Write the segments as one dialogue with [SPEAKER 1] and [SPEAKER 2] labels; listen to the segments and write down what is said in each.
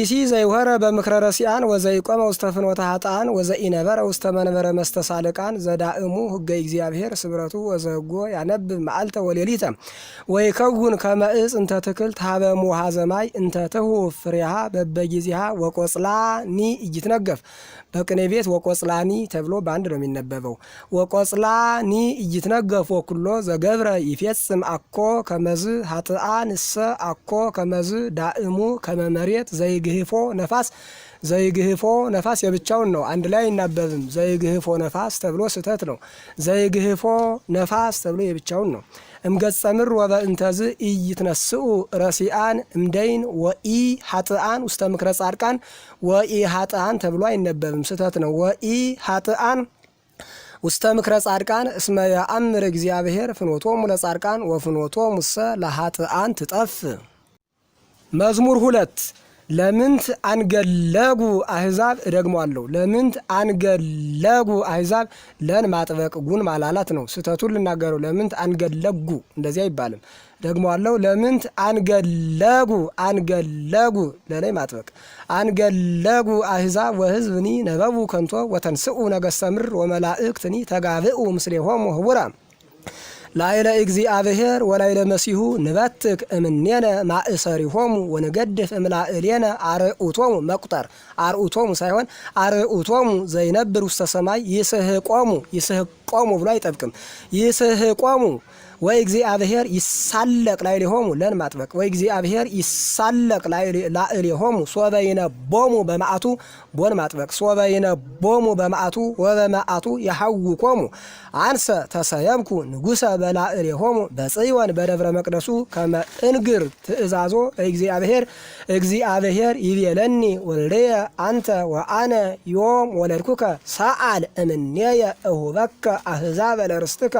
[SPEAKER 1] ኢሲ ዘይወረ በምክረ ረሲአን ወዘይቆመ ውስተ ፍኖተ ሀጣን ወዘኢነበረ ውስተ መንበረ መስተሳልቃን ዘዳእሙ ህገ እግዚአብሔር ስብረቱ ወዘጎ ያነብብ መዓልተ ወሌሊተ ወይከውን ከመእፅ እንተ ትክልት ሀበ ሙሃ ዘማይ እንተ ትሁብ ፍሬሃ በበጊዜሃ ወቆጽላኒ እይትነገፍ በቅኔ ቤት ወቆጽላኒ ተብሎ በአንድ ነው የሚነበበው። ወቆጽላኒ እይትነገፍ ወኩሎ ዘገብረ ይፌጽም አኮ ከመዝ ሀጥአን ንሰ አኮ ከመዝ ዳእሙ ከመመሬት ዘይ ዘይግህፎ ነፋስ ዘይግህፎ ነፋስ የብቻውን ነው፣ አንድ ላይ አይናበብም። ዘይግህፎ ነፋስ ተብሎ ስህተት ነው። ዘይግህፎ ነፋስ ተብሎ የብቻውን ነው። እምገጸ ምር ወበእንተዝ ኢይትነስኡ ረሲአን እምደይን ወኢ ሀጥአን ውስተ ምክረ ጻድቃን ወኢ ሀጥአን ተብሎ አይነበብም፣ ስህተት ነው። ወኢ ሀጥአን ውስተ ምክረ ጻድቃን እስመ የአምር እግዚአብሔር ፍኖቶሙ ለጻድቃን ወፍኖቶሙ እሰ ለሀጥአን ትጠፍ። መዝሙር ሁለት ለምንት አንገለጉ አህዛብ እደግመዋለሁ። ለምንት አንገለጉ አህዛብ ለን ማጥበቅ ጉን ማላላት ነው። ስህተቱን ልናገረው። ለምንት አንገለጉ እንደዚህ አይባልም። እደግመዋለሁ። ለምንት አንገለጉ አንገለጉ ለላይ ማጥበቅ አንገለጉ አህዛብ ወህዝብኒ ነበቡ ከንቶ ወተንስኡ ነገሰምር ወመላእክትኒ ተጋብኡ ምስሌ ምስሌሆሙ ህቡራ ላይለ እግዚአብሔር ወላይለ መሲሁ ንበትክ እምኔነ ማእሰሪሆሙ ወንገድፍ እምላእሌነ አርዑቶሙ መቁጠር አርዑቶሙ ሳይሆን አርዑቶሙ ዘይነብር ውስተ ሰማይ ይስህቆሙ ይስህቆሙ ብሎ አይጠብቅም። ይስህቆሙ ወይ እግዚአብሔር ይሳለቅ ላዕሌሆሙ ለን ማጥበቅ ወይ እግዚአብሔር ይሳለቅ ላዕሌሆሙ ሶበ ይነቦሙ በማዕቱ ቦን ማጥበቅ ሶበ ይነቦሙ በማዕቱ ወበማዕቱ የሐውኮሙ አንሰ ተሰየምኩ ንጉሰ በላዕሌሆሙ በጽዮን በደብረ መቅደሱ ከመ እንግር ትእዛዞ እግዚአብሔር እግዚአብሔር ይቤለኒ ወልደየ አንተ ወአነ ዮም ወለድኩከ ሰአል እምኔየ እሁበከ አህዛበ ለርስትከ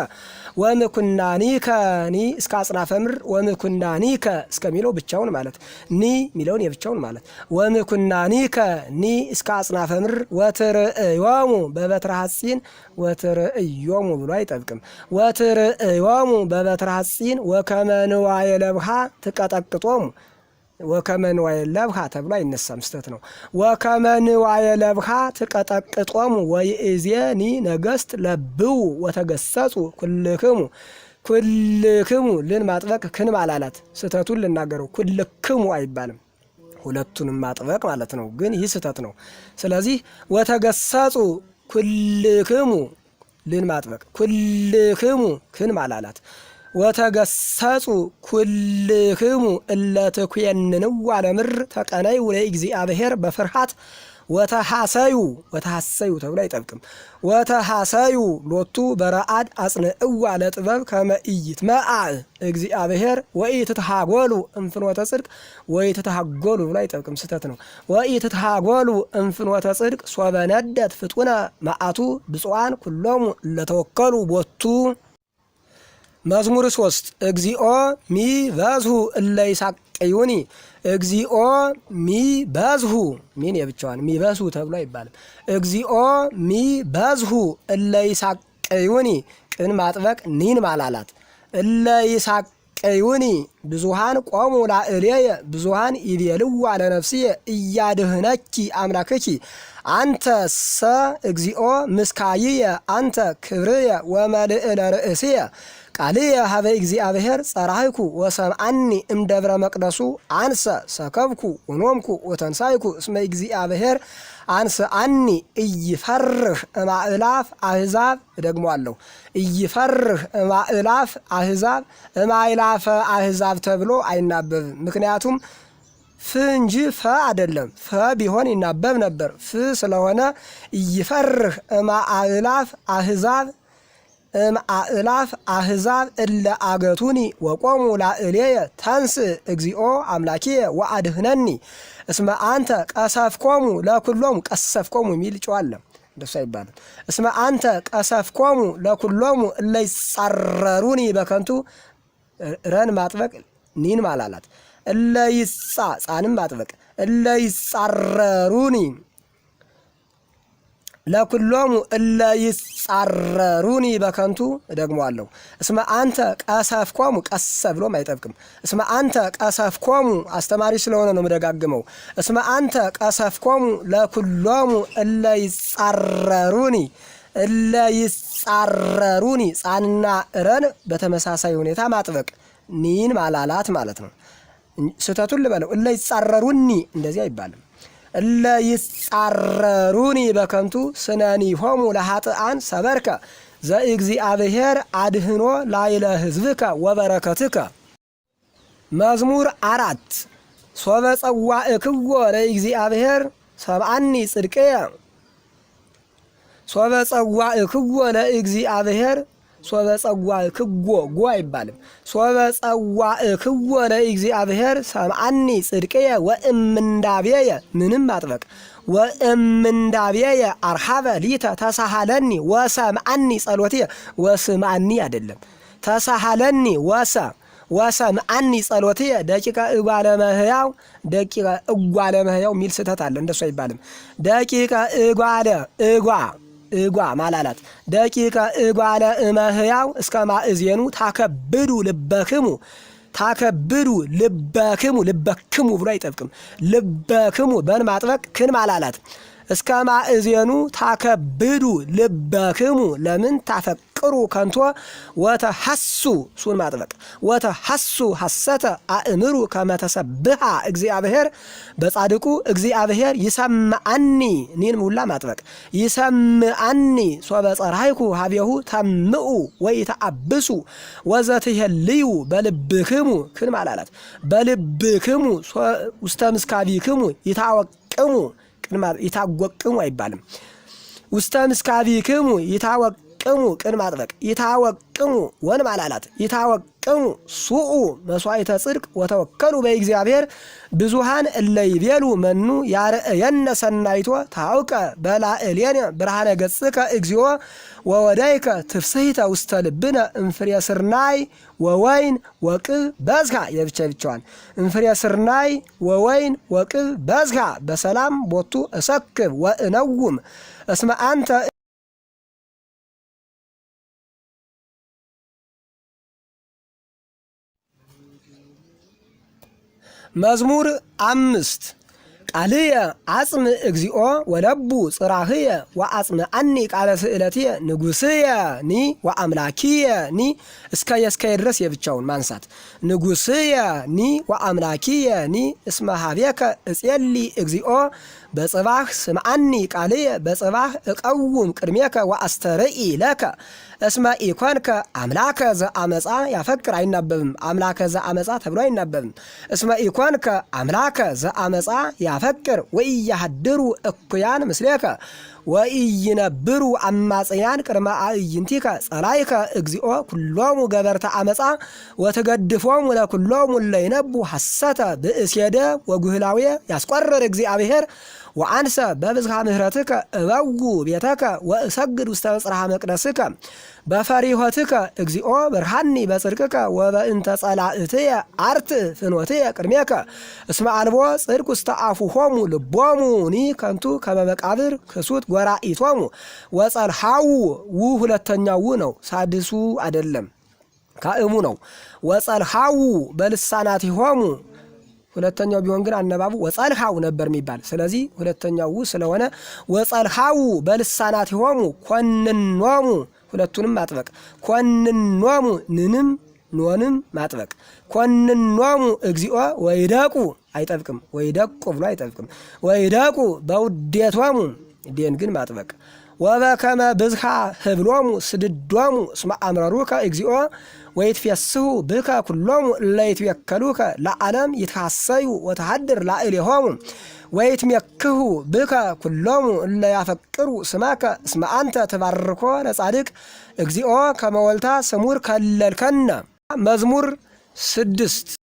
[SPEAKER 1] ወምኩናኒ ኒከ ኒ እስከ አጽናፈ ምድር ወምኩና ኒከ እስከሚለው ብቻውን ማለት ኒ የሚለውን የብቻውን ማለት ወምኩና ኒከ ኒ እስከ አጽናፈ ምድር ወትርእዮሙ በበትረ ሐጺን ወትርእዮሙ ብሎ አይጠብቅም። ወትርእዮሙ በበትረ ሐጺን ወከመ ንዋየ ትቀጠቅጦሙ ወከመ ንዋየ ለብሃ ተብሎ አይነሳም፣ ስተት ነው። ወከመ ንዋየ ለብሃ ትቀጠቅጦሙ ወይእዜኒ ነገሥት ለብው ወተገሰጹ ኩልክሙ ኩልክሙ ልን ማጥበቅ ክንም አላላት። ስህተቱን ልናገረው ኩልክሙ አይባልም። ሁለቱንም ማጥበቅ ማለት ነው፣ ግን ይህ ስህተት ነው። ስለዚህ ወተገሰጹ ኩልክሙ ልን ማጥበቅ ኩልክሙ ክንም አላላት። ወተገሰጹ ኩልክሙ እለ ትኩየንንዋ ለምድር ተቀነዩ ለእግዚአብሔር በፍርሃት ወተሐሰዩ ወተሐሰዩ ተብሎ አይጠብቅም። ወተሐሰዩ ሎቱ በረአድ አጽንዕዋ ለጥበብ ከመእይት መአዕ እግዚአብሔር ወኢትትሃጎሉ እንፍኖተ ጽድቅ ወኢትትሃጎሉ ብሎ አይጠብቅም፣ ስህተት ነው። ወኢትትሃጎሉ እንፍኖተ ጽድቅ ሶበነደት ፍጡነ መዓቱ ብፁዓን ኩሎሙ ለተወከሉ ቦቱ መዝሙር ሶስት እግዚኦ ሚበዝሁ እለ ይሳቅዩኒ እግዚኦ ሚበዝሁ ሚን የብቻዋን በዝሁ ተብሎ አይባልም። እግዚኦ ሚበዝሁ እለይሳቀዩኒ ቅን ማጥበቅ ኒን ማላላት እለይሳቅ ብዙሃን ቆሙ ላዕሌየ ብዙሃን ይቤልዋ ለነፍስየ እያድህነኪ አምላክኪ አንተ ሰ እግዚኦ ምስካይየ አንተ ክብርየ ወመልእለ ርእስየ ቃል የሀበ እግዚአብሔር ጸራይኩ ወሰብአኒ እምደብረ መቅደሱ አንሰ ሰከብኩ ወኖምኩ ወተንሳይኩ እስመ እግዚአብሔር አንሰ አኒ እይፈርህ እማእላፍ አህዛብ አለው እይፈርህ እማእላፍ አህዛብ እማይላፈ አህዛብ ተብሎ አይናበብም። ምክንያቱም ፍ እንጂ ፈ አይደለም። ፈ ቢሆን ይናበብ ነበር። ፍ ስለሆነ እይፈርህ እማእላፍ አህዛብ እም አእላፍ አህዛብ እለ አገቱኒ ወቆሙ ላዕሌየ ተንስ እግዚኦ አምላኪየ ወአድህነኒ እስመ አንተ ቀሰፍኮሙ ለኩሎሙ ቀሰፍኮሙ የሚል ጨዋለ እንደሱ አይባልም። እስመ አንተ ቀሰፍኮሙ ለኩሎሙ እለ ይጻረሩኒ በከንቱ ረን ማጥበቅ ኒን ማላላት እለ ይጻ ጻንም ማጥበቅ እለ ይጻረሩኒ ለኩሎሙ እለ ይጻረሩኒ በከንቱ እደግመዋለሁ። እስመ አንተ ቀሰፍኮሙ ቀሰ ብሎም አይጠብቅም። እስመ አንተ ቀሰፍኮሙ አስተማሪ ስለሆነ ነው የምደጋግመው። እስመ አንተ ቀሰፍኮሙ ለኩሎሙ እለ ይጻረሩኒ እለ ይጻረሩኒ ጻንና እረን በተመሳሳይ ሁኔታ ማጥበቅ ኒን ማላላት ማለት ነው። ስህተቱን ልበለው እለ ይጻረሩኒ እንደዚህ አይባልም። እለ ይጻረሩኒ በከንቱ ስነኒ ሆሙ ለኃጥኣን ሰበርከ ዘእግዚአብሔር አድህኖ ላይለ ሕዝብከ ወበረከትከ። መዝሙር አራት ሶበ ጸዋእክዎ ለእግዚአብሔር ሰብአኒ ጽድቅየ ሶበ ጸዋእክዎ ለእግዚአብሔር ሶበ ጸዋ ክጎ ጎ አይባልም። ሶበ ጸዋ ክጎ ለእግዚአብሔር ሰምዓኒ ጽድቅየ ወእምንዳብየየ ምንም አጥበቅ ወእምንዳብየየ አርሃበ ሊተ ተሳሃለኒ ወሰምዓኒ ጸሎትየ ወስምአኒ አይደለም ተሳሃለኒ ወሰ ወሰምዓኒ ጸሎትየ ደቂቀ እጓለ መሕያው ደቂቀ እጓለ መሕያው የሚል ስህተት አለ። እንደሱ አይባልም። ደቂቀ እጓለ እጓ እጓ ማላላት ደቂቀ እጓለ እመህያው እስከ ማእዜኑ ታከብዱ ልበክሙ ታከብዱ ልበክሙ ልበክሙ ብሎ አይጠብቅም። ልበክሙ በን ማጥበቅ ክን ማላላት እስከ ማእዜኑ ታከብዱ ልበክሙ ለምን ታፈቅሩ ከንቶ ወተሐሱ ሱን ማጥበቅ ወተሐሱ ሐሰተ አእምሩ ከመተሰብሃ እግዚአብሔር በጻድቁ እግዚአብሔር ይሰምአኒ ኒን ሙላ ማጥበቅ ይሰምአኒ ሶበ ጸራይኩ ሀቤሁ ተምኡ ወይ ተአብሱ ወዘትሄልዩ በልብክሙ ክን ማላላት በልብክሙ ውስተ ምስካቢክሙ ይታወቅሙ ይታወቅሙ አይባልም። ውስተ ምስካቢክሙ ይታወቅ ቅሙ ቅን ማጥበቅ ይታወቅሙ ወን ማላላት ይታወቅሙ ሱኡ መስዋዕተ ጽድቅ ወተወከሉ በእግዚአብሔር ብዙሃን እለይቤሉ መኑ ያርአየነ ሰናይቶ ታውቀ በላዕሌነ ብርሃነ ገጽከ እግዚኦ ወወዳይከ ትፍስሂተ ውስተ ልብነ እምፍሬ ስርናይ ወወይን ወቅብ በዝካ የብቻ ብቻዋን እምፍሬ ስርናይ ወወይን ወቅብ በዝካ በሰላም ቦቱ እሰክብ ወእነውም እስመ አንተ መዝሙር አምስት ቃልየ አጽም እግዚኦ ወለቡ ጽራህየ ወአጽም አኒ ቃለ ስእለትየ ንጉስየ ኒ ወአምላኪየ ኒ እስከ የእስከየ ድረስ የብቻውን ማንሳት ንጉስየ ኒ ወአምላኪየ ኒ እስመ ሀቤከ እጼሊ እግዚኦ በጽባህ ስምአኒ ቃልየ በጽባህ እቀውም ቅድሜከ ወአስተርኢ ለከ እስመ ኢኮንከ አምላከ ዘአመፃ ያፈቅር አይናበብም። አምላከ ዘአመፃ ተብሎ አይናበብም። እስመ ኢኮንከ አምላከ ዘአመፃ ያፈቅር يتفكر ويهدروا أكيان مثلك ወኢይነብሩ አማጽያን ቅድመ አእይንቲከ ጸላይከ እግዚኦ ኩሎሙ ገበርተ አመፃ ወትገድፎሙ ለኩሎሙ ለይነቡ ሐሰተ ብእሴደ ወጉህላዌ ያስቆርር እግዚአብሔር ወአንሰ በብዝሃ ምህረትከ እበው ቤተከ ወእሰግድ ውስተ መጽርሐ መቅደስከ በፈሪሆትከ እግዚኦ ብርሃኒ በጽድቅከ ወበእንተ ጸላእትየ አርት ፍኖትየ ቅድሜከ እስመ አንቦ ጽድቅ ውስተ አፉሆሙ ልቦሙ ከንቱ ከመመቃብር ክሱት ወራኢቶሙ ወጸልሐው ው ሁለተኛው ው ነው፣ ሳድሱ አይደለም ካእሙ ነው። ወጸልሐው ሆሙ ሁለተኛው ቢሆን ግን አነባቡ ወፀልሃው ነበር የሚባል። ስለዚህ ሁለተኛው ስለሆነ በልሳናት ሆሙ ኮንኖሙ ሁለቱንም ማጥበቅ ኮንኖሙ ንንም ኖንም ማጥበቅ ኮንኖሙ እግዚኦ ወይደቁ አይጠብቅም። ወይደቁ ብሎ አይጠብቅም። ወይደቁ በውዴቶሙ ደን ግን ማጥበቅ ወበከመ ብዝሃ ህብሎሙ ስድዶሙ እስመ አምረሩከ እግዚኦ ወይትፌስሑ ብከ ኩሎሙ እለ ለዓለም ይትሐሰዩ ወተሃድር ላዕሌሆሙ ወይትሜክሁ ብከ ኩሎሙ እለ ስመከ እስመ አንተ ተባርኮ ለጻድቅ እግዚኦ ከመወልታ ስሙር ከለልከነ መዝሙር ስድስት